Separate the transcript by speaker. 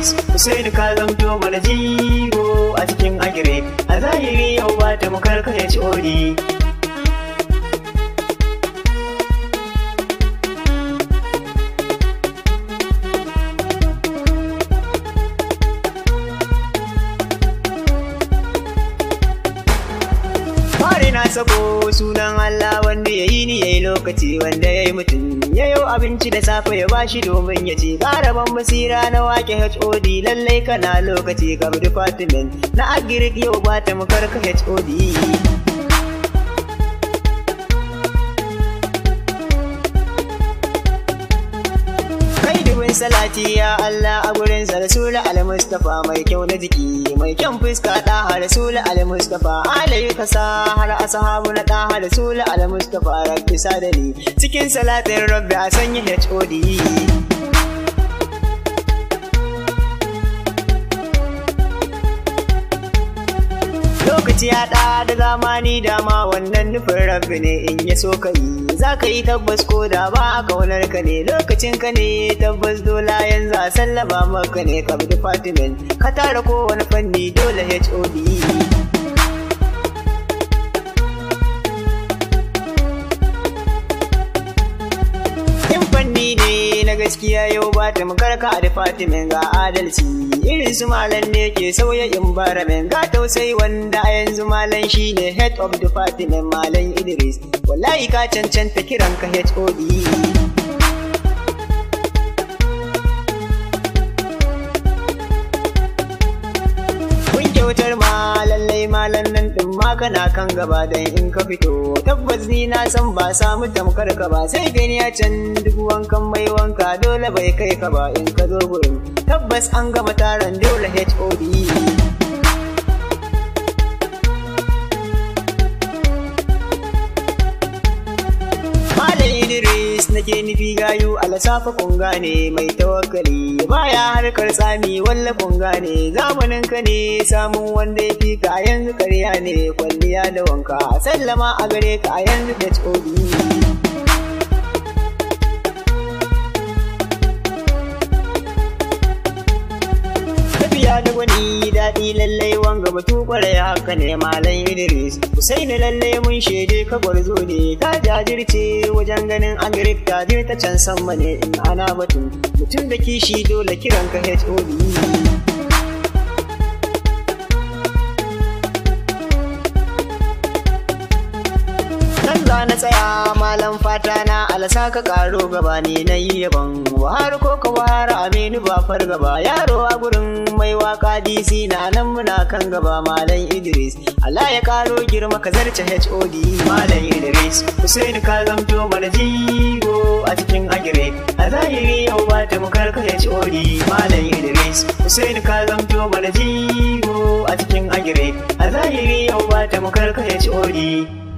Speaker 1: Idris Hussein ka zamto mana jigo a cikin agire a zahiri yau ba ta karka ya ci ori na sako sunan Allah wanda ya yi ni ya yi lokaci wanda ya yi mutum ya yau abinci da safe ya bashi domin ya ce ƙaraban basira na wake HOD lallai kana lokaci ga department na agirik yau ba ta mukarka HOD. salati ya Allah a gurin sa Rasul al-Mustafa mai kyau na jiki mai kyau fuska da Rasul al-Mustafa alai kasa har ashabu na da Rasul al-Mustafa rabbi sadali cikin salatin rabbi a sanya HOD zuciya ɗa da zamani dama wannan nufin rabbi ne in ya so ka yi za ka yi tabbas ko da ba a kaunar ka ne lokacin ka ne tabbas dola yanzu a sallaba maka ne ka department ka tara kowane fanni dole hod gaskiya yau ba ta makarka a fatimin ga adalci irin su malan ne ke sauya men ga tausayi wanda a yanzu malam shi ne head of department malam idris wallahi ka cancanta kiran ka hod ma kana kan gaba dan in ka fito tabbas ni na san ba samu tamkar ka ba sai gani ya can duk wankan mai wanka dole bai kai ka ba in ka zo gurin tabbas an gama taron dole HOD nake nufi gayu lasafa kunga gane mai tawakkali baya harkar tsami walla kunga gane zamanin ka ne samun wanda ya fi ka yanzu karya ne kwalliya da wanka sallama a gare ka yanzu da tsodi. ya da wani daɗi lallai batu kwarai haka ne malam Idris Husaini lalle mun shaide ka gwarzo ne ta jajirce wajen ganin Amerik ta je ta can sama ne in ana batun mutum da kishi dole kiran ka HOD za na tsaya malam fata na alasa ka karo gaba ne na yi yaban wahar ko ka wahar aminu ba gaba yaro a gurin waka DC na nan muna kan gaba Malam Idris Allah ya karo girma ka zarce HOD Malam Idris Hussein ka zamto mana jigo a cikin agire a zahiri yau ba ta mukar ka HOD Malam Idris Hussein ka zamto mana jigo a cikin agire a zahiri yau ba ta mukar ka HOD